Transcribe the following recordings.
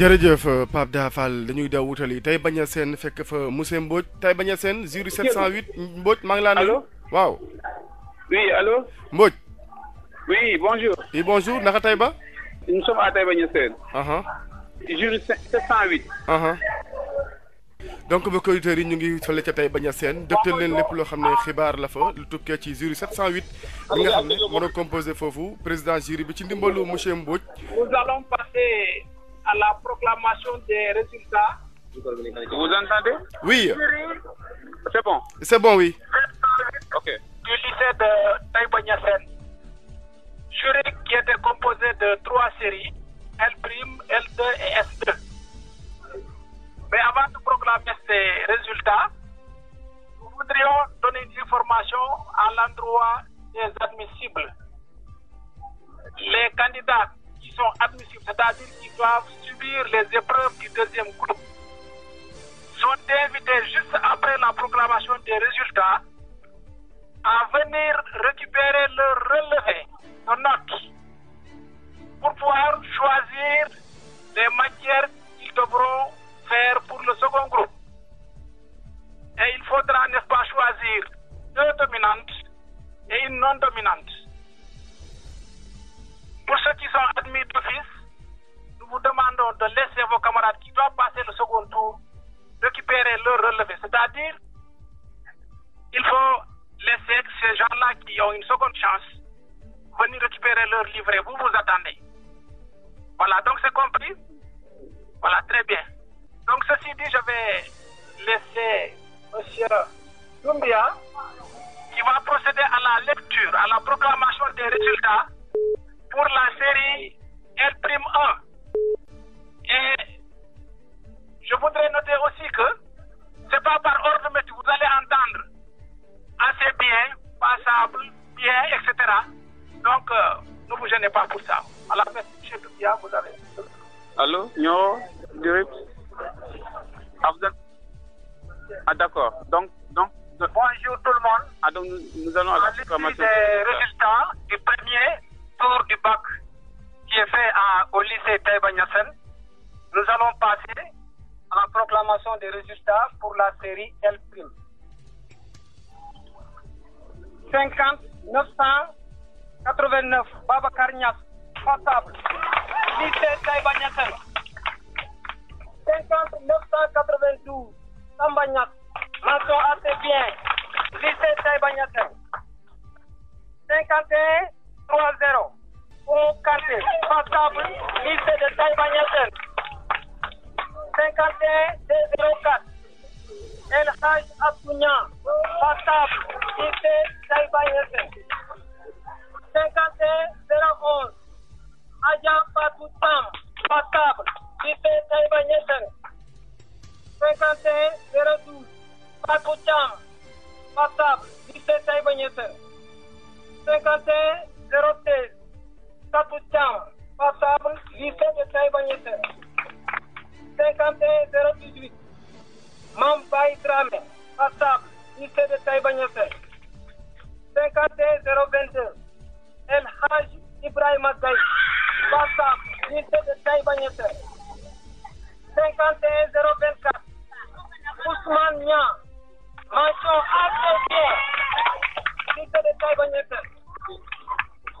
jërëjëf euh, Pape Dafal dañuy daw wutali tay bañ a seen fekk fa monsieur Mbodj tey bañ a seen jury 708 Mbodj maa ngi laa nuyu. waaw. oui allô. Mbodj. oui bonjour. oui bonjour naka tay ba. nous sommes à Taïba Niassène. jury 708. donc mbokk auditeurs yi ñu ngi fële ca Taïba Niassène docteur leen lépp loo xam ne xibaar la fa lu tukkee ci jury 708 li nga xam ne composé foofu président jury bi ci ndimbalu monsieur Mbodj. nous allons passer à la proclamation des résultats. Vous entendez Oui. C'est bon. C'est bon, oui. Ok. Du lycée de Taïbanyasen. Jury qui était composé de trois séries, L', L2 et S2. Mais avant de proclamer ces résultats, nous voudrions donner une information à l'endroit des admissibles. Les candidats admissibles, c'est-à-dire qu'ils doivent subir les épreuves du deuxième groupe, sont invités juste après la proclamation des résultats à venir récupérer leur relevé de notes pour pouvoir choisir les matières qu'ils devront faire pour le second groupe. Et il faudra, n'est-ce pas, choisir deux dominantes et une non dominante. Pour ceux qui sont admis d'office, nous vous demandons de laisser vos camarades qui doivent passer le second tour récupérer leur relevé. C'est-à-dire, il faut laisser ces gens-là qui ont une seconde chance venir récupérer leur livret. Vous vous attendez. Voilà, donc c'est compris. Voilà, très bien. Donc, ceci dit, je vais laisser M. Zumbia, qui va procéder à la lecture, à la proclamation des résultats pour la série R'1. Et je voudrais noter aussi que ce n'est pas par ordre, mais vous allez entendre assez bien, passable, bien, etc. Donc, euh, ne vous gênez pas pour ça. À la fin, M. bien vous avez. Allô Nyo Direct ah, ah d'accord. Donc, donc, Bonjour tout le monde. Ah, donc nous, allons à la des résultats du premier du bac qui est fait au lycée Taïbanyasen, nous allons passer à la proclamation des résultats pour la série L'. 50 989 Baba Karnias, lycée Taïbanyasen. 50 992 Samba assez bien, lycée Taibanyasen. 51 3-0 au quartier passable, lycée de Taïba-Nielsen. 51-204. El Haj Abdounia, passable, lycée Taïba-Nielsen. 51-011. Adjan Patoutam, passable, lycée Taïba-Nielsen. 51-012. Patoutam, passable, lycée Taïba-Nielsen. 51 016 Sapoucham, passable, lycée de Taïbanyeter. 51 018 Mambaï Drame passable, lycée de Taïbanyeter. 51 022 El Haj Ibrahim Gaï, passable, lycée de Taïbanyeter. 51 024 Ousmane Nian, mention ACC, lycée de Taïbanyeter. 51 033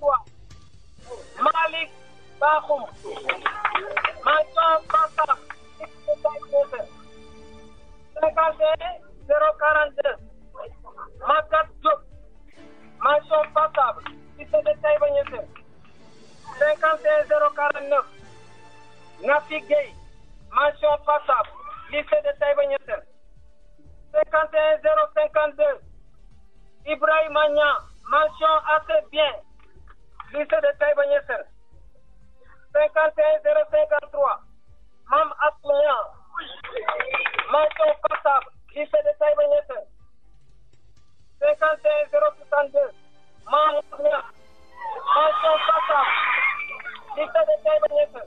passable Bakhoum de Massam 51 042 Makat Diop mention passable lycée de Taïba 51 049 Nafi Gay mention passable lycée de Taïba 51 052 Ibrahima Nya Mention assez bien. Lycée de taïba 51-053. Mam Asloyan. Mention passable. Lycée de taïba 51-062. Mam Asloyan. Mention passable. Lycée de taïba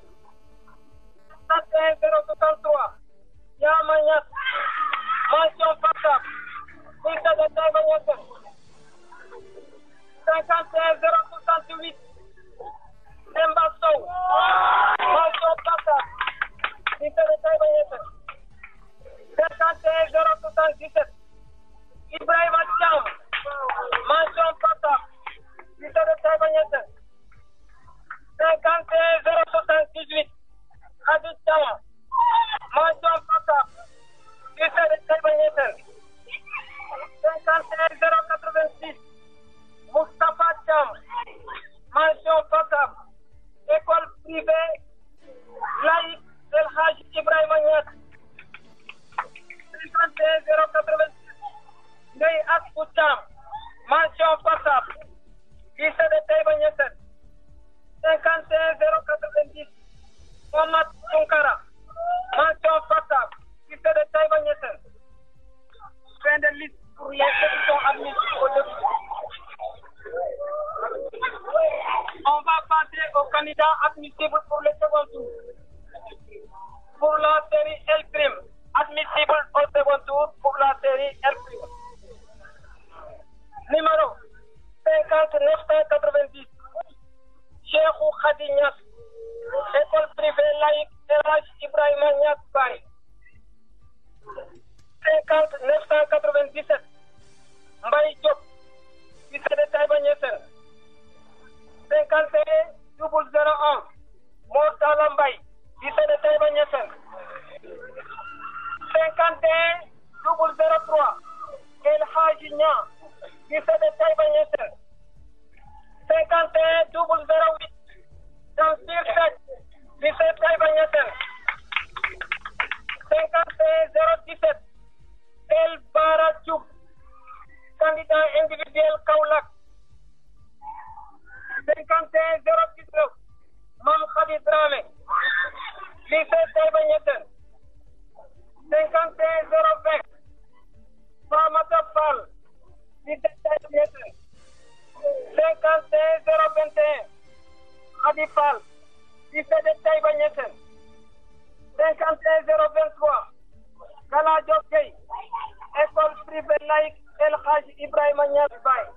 51-063. Yamanyas. Mention passable. Lycée de taïba 51 068 Embaçou. Baixou Tata. Interessei Banheta. 51 067 Ibrahim Atiam. Manchon Tata. Interessei Banheta. 51 066 vingt zéro dix neuf Mame Khady Dramé lycée Taïba Niassène cinquante un zéro vingt Famata Fall lycée Taïba Niassène cinquante un zéro vingt un Khady Fall lycée de Taïba Niassène cinquante un zéro vingt trois Gala Diop école privée laïque El Hadj Ibrahima Niass Baye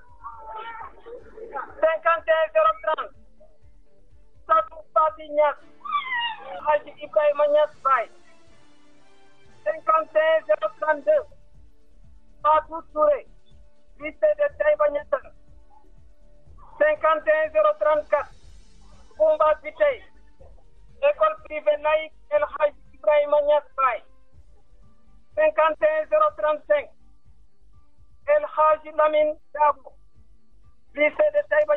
cinquante un zéro trente satu satunya Haji Ibrahim menyesai. Sengkante sengkante satu sore bisa detai menyesal. Sengkante zero terangkat kumbat bitai. Ekol prive naik El Haji Ibrahim menyesai. Sengkante zero terangkat El Haji Lamin Dabu. vice de Taïba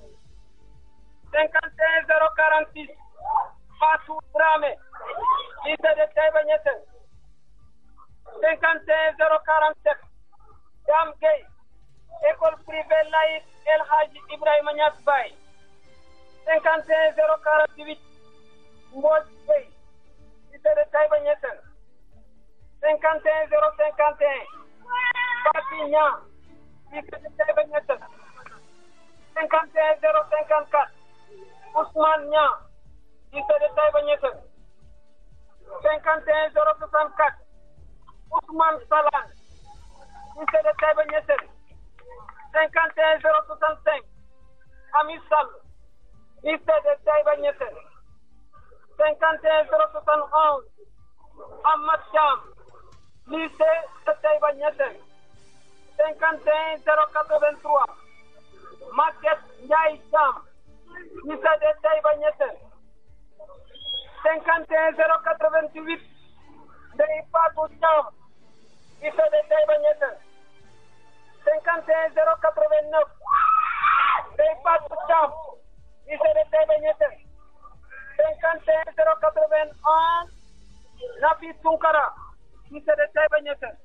56 Fatou Dramé lycée de Taïba Niassène 51 047 Dame Gueye école privée laïque El Hadji Ibrahima Niass Baye 51 048 Mbodj Gueye lycée de Taïba Niassène 51 051 Papi Niang lycée de Taïba Niassène 51 054 Ousmane Niang di seede Taïba Niassène 51 064 Ousmane Salane di seede Taïba Niassène 51 065 Ami Sall di seede Taïba Niassène 51 071 Ahmad Thiam di seede Taïba Niassène 51 083 Maguette Ndiaye Thiam ñu seddee Taïba ñetteel 51 088 day Fatou Thiam ñu seddee Taïba ñetteel 51 089 day Fatou Thiam ñu seddee Taïba ñetteel 51 091 Nafi Tunkara ñu seddee Taïba ñetteel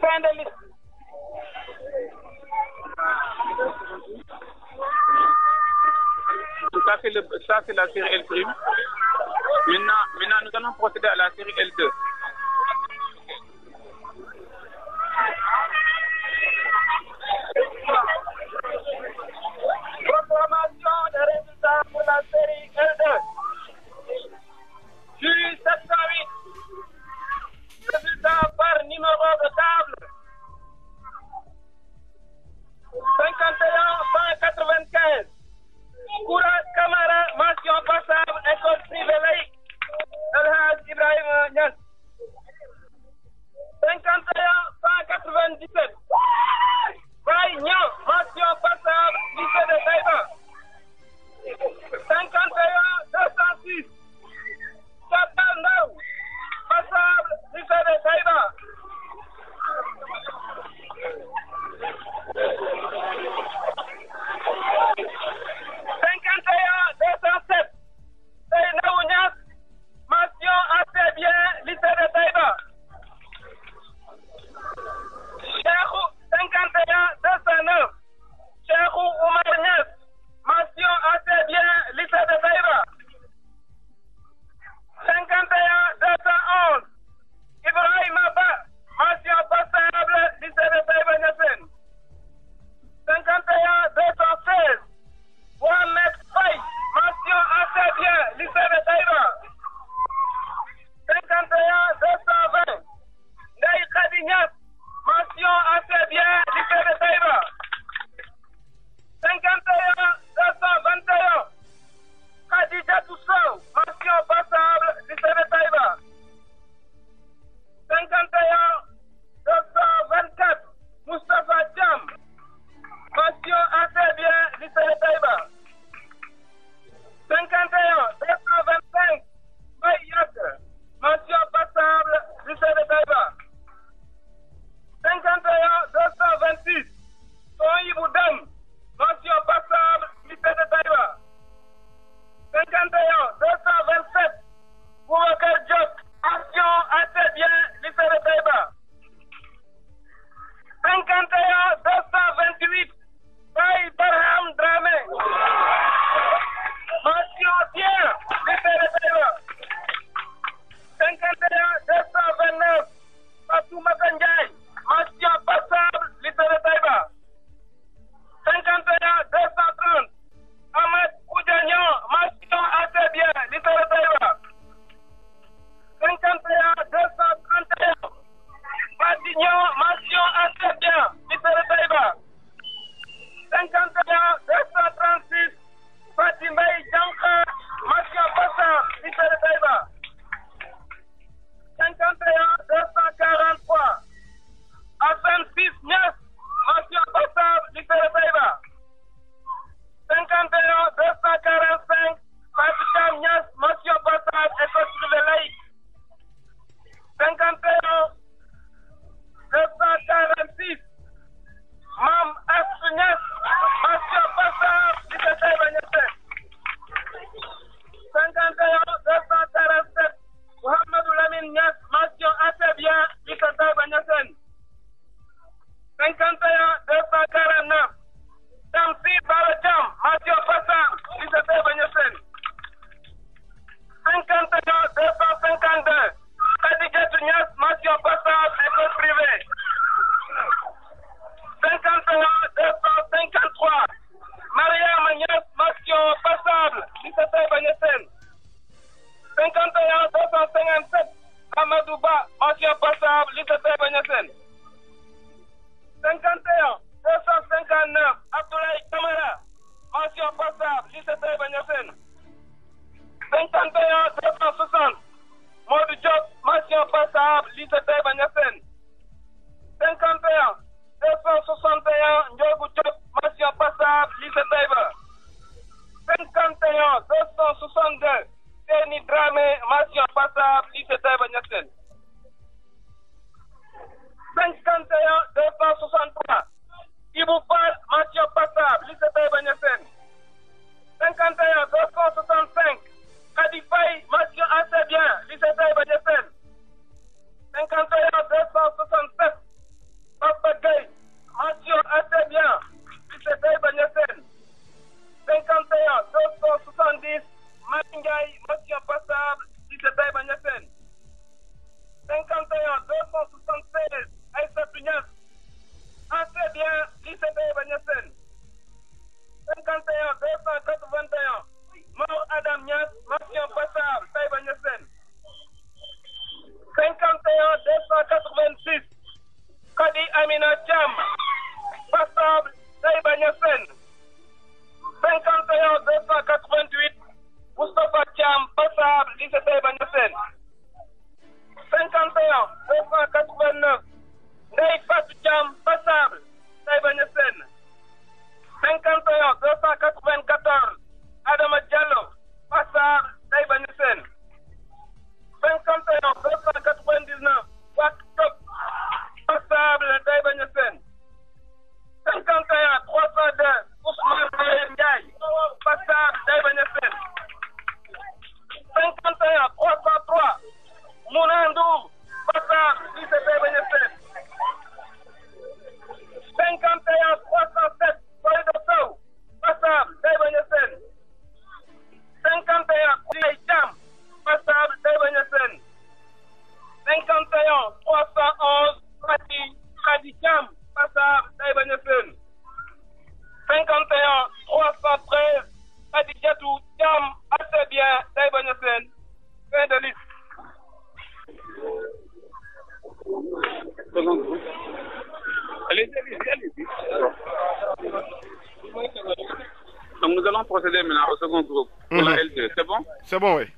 fin de liste Ça, c'est, la série L'. Maintenant, maintenant, nous allons procéder à la série L2. Proclamation des résultats pour la série L2. Jury 708. Résultat par numéro de table. qui se paye, 51 51, 289. Isso é bom, velho.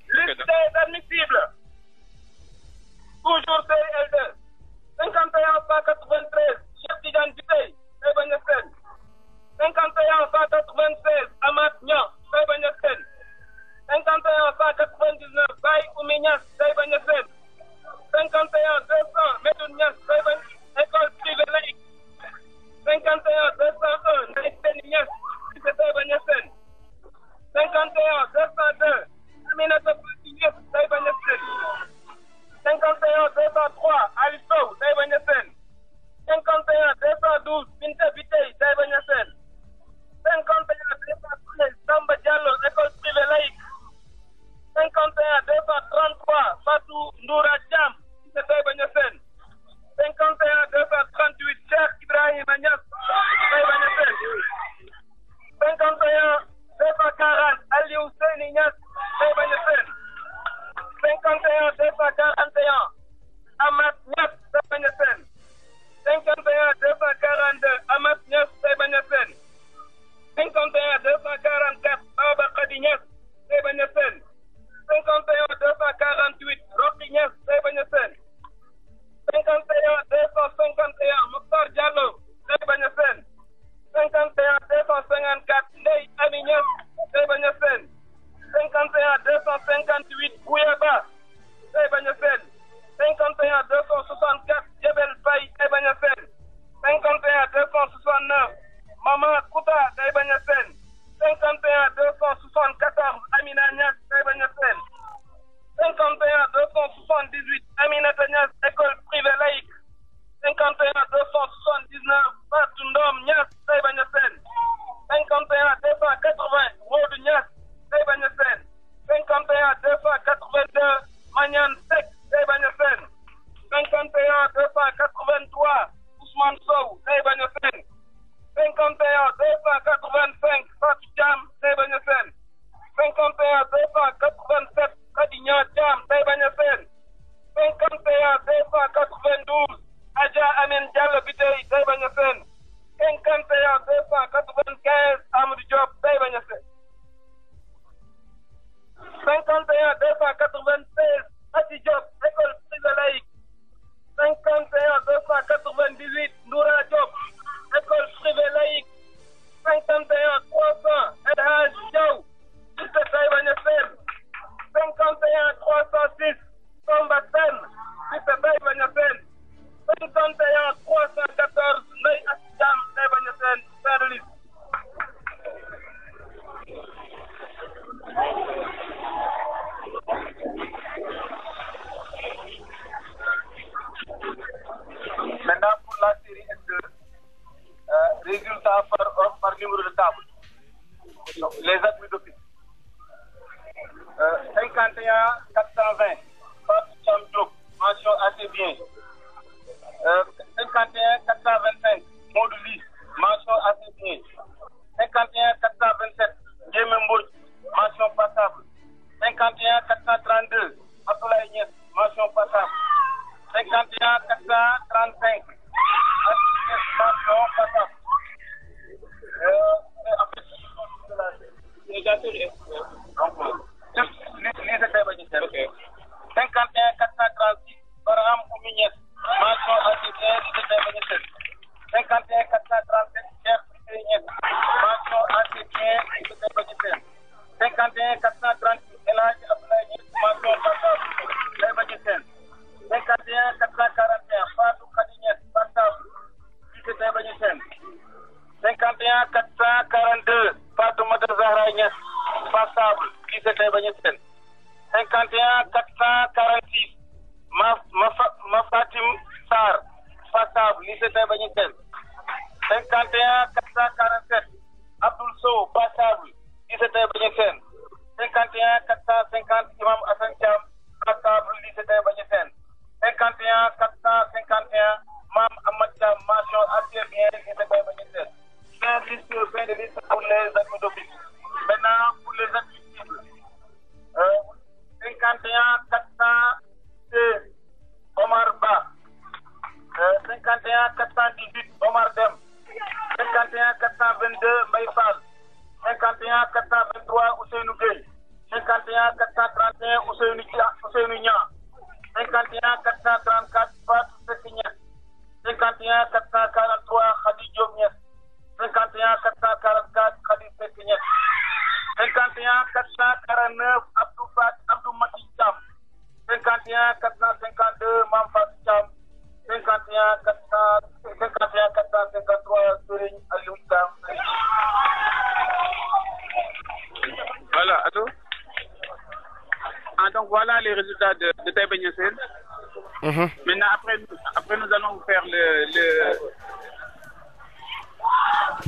Maintenant, après, après nous allons vous faire le,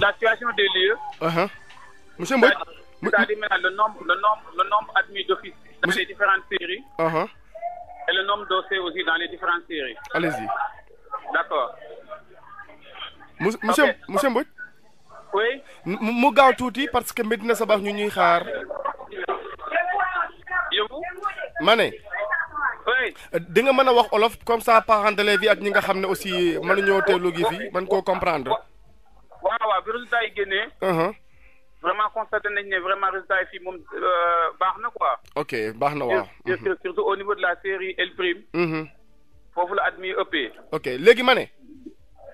la situation des lieux. Uh Monsieur Mbouy Vous allez maintenant le nombre, le nombre, le nombre admis d'office dans les différentes séries. Uh-huh. Et le nombre d'OC aussi dans les différentes séries. Allez-y. D'accord. Monsieur, okay. Monsieur Mbouy Oui. Je vous tuuti parce que Medina Sabakh ñu ñuy xaar. Et Vous di nga mën a wax olof comme ça parents d'élèves yi ak ñi nga xam ne aussi mënuñoo teewlu gi fii mën koo comprendre. waaw waaw bi résultat yi génnee. Uh-huh. vraiment constaté nañ ne vraiment résultat yi fii moom euh, baax na quoi. ok baax na waaw. surtout au niveau de la série uh-huh. foofu la admis ëppee. ok ma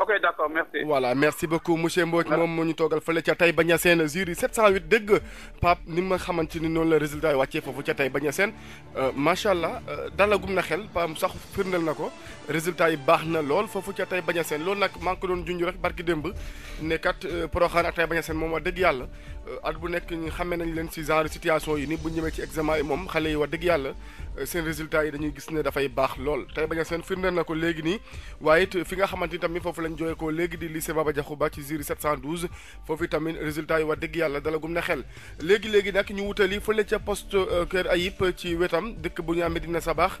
ok d'accord merci. voilà merci beaucoup monsieur Mbodj mom ñu togal fele ci tay baña sen jury 708 deug pap ni ma xamante ni noonu résultat yi wàccee foofu ca Taïba Niassène euh allah euh, dalagum na xel Pape sax firndeel nako résultat yi baax na lool fofu ci tay baña sen lool nak ngi ko doon rek barki demb ne kat euh, Porokhane ak Taïba Niassène moom wax dëgg Euh, at bu nekk ñu xamee nañ leen ci genre situation yi ni bu ñëwee ci examen yi moom xale yi wax dëgg yàlla euh, seen résultat yi dañuy gis ne dafay baax lool tey bañ seen firndeel na ko léegi nii waaye it fi nga xamante ni tamit foofu lañ jógee ko léegi di lycée Baba Diakhou Ba ci jury 712 foofu tamit résultat yi wax dëgg yàlla dalagum na xel léegi-léegi nag ñu wutali fële ca post euh, Kër Ayib ci wetam dëkk bu ñu amee dina sa baax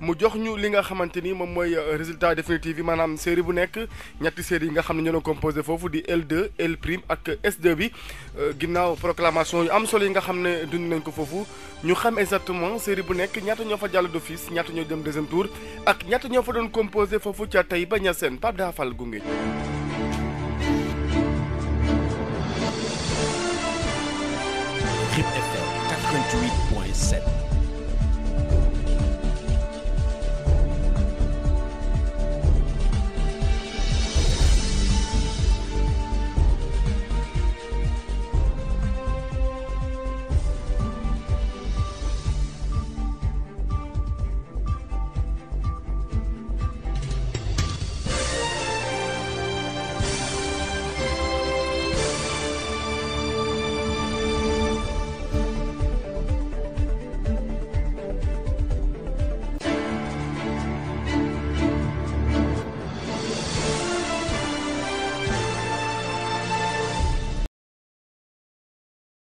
mu jox ñu li nga xamante ni moom mooy euh, résultat définitif yi maanaam série bu nekk ñetti série yi nga xam ne ñoo composé foofu di L2 L prime ak S2 bi euh, ginnaaw proclamation yu am solo yi nga xam ne dund nañ ko foofu ñu xam exactement série bu nekk ñaata ñoo fa jàll d'office ñaata ñoo dem deuxième tour ak ñaata ñoo fa doon composé foofu ca tey ba ña seen Pape Dafal gunge. RIP FM 88.7